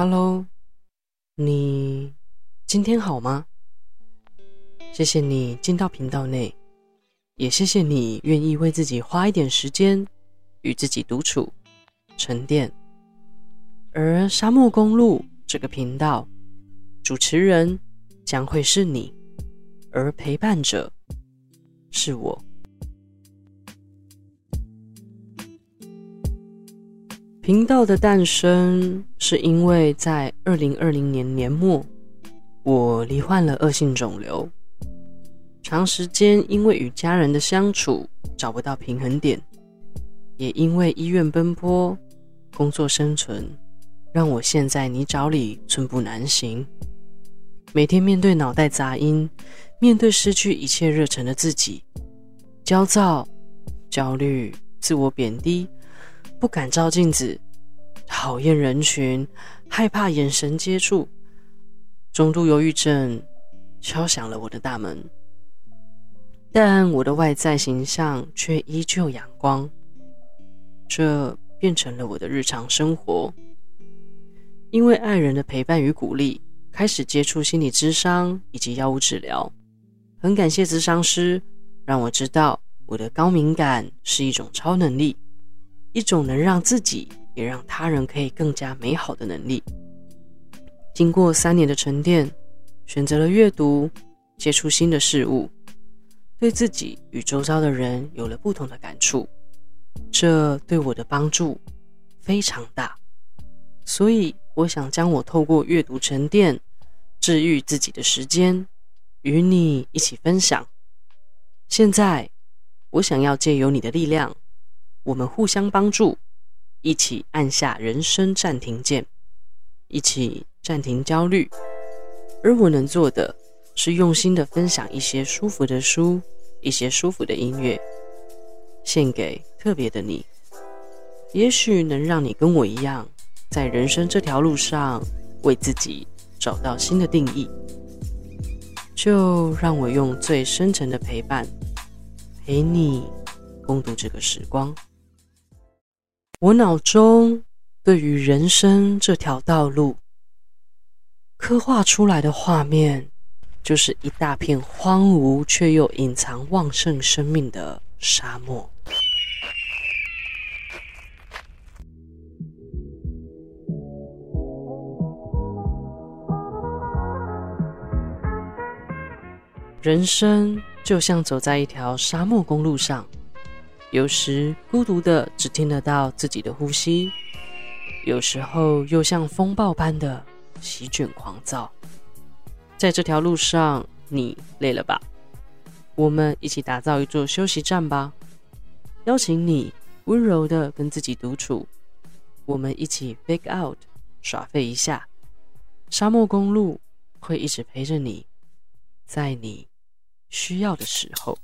Hello，你今天好嗎？謝謝你進到頻道內，也謝謝你願意為自己花一點時間與自己獨處、沉澱。而沙漠公路這個頻道，主持人將會是你，而陪伴者是我。頻道的誕生是因為在二零二零年年末，我罹患了惡性腫瘤。長時間因為與家人的相處找不到平衡點，也因為醫院奔波、工作生存，讓我陷在泥沼裡寸步難行。每天面對腦袋雜音，面對失去一切熱忱的自己，焦躁、焦慮、自我貶低。不敢照鏡子，討厭人群，害怕眼神接觸，中度憂鬱症敲響了我的大門。但我的外在形象卻依舊陽光，這變成了我的日常生活。因為愛人的陪伴與鼓勵，開始接觸心理諮商以及藥物治療。很感謝諮商師，讓我知道我的高敏感是一種超能力。一種能讓自己也讓他人可以更加美好的能力。經過三年的沉澱，選擇了閱讀，接觸新的事物，對自己與周遭的人有了不同的感觸。這對我的幫助非常大，所以我想將我透過閱讀沉澱治癒自己的時間與你一起分享。現在，我想要借由你的力量。我們互相幫助，一起按下人生暫停鍵，一起暫停焦慮。而我能做的，是用心的分享一些舒服的書，一些舒服的音樂，獻給特別的你。也許能讓你跟我一樣，在人生這條路上，為自己找到新的定義。就讓我用最深沉的陪伴，陪你共度這個時光。我腦中對於人生這條道路刻畫出來的畫面，就是一大片荒蕪卻又隱藏旺盛生命的沙漠。人生就像走在一條沙漠公路上。有時孤獨的只聽得到自己的呼吸，有時候又像風暴般的席捲狂躁。在這條路上，你累了吧？我們一起打造一座休息站吧。邀請你溫柔的跟自己獨處，我們一起 fake out，耍廢一下。沙漠公路會一直陪着你，在你需要的時候。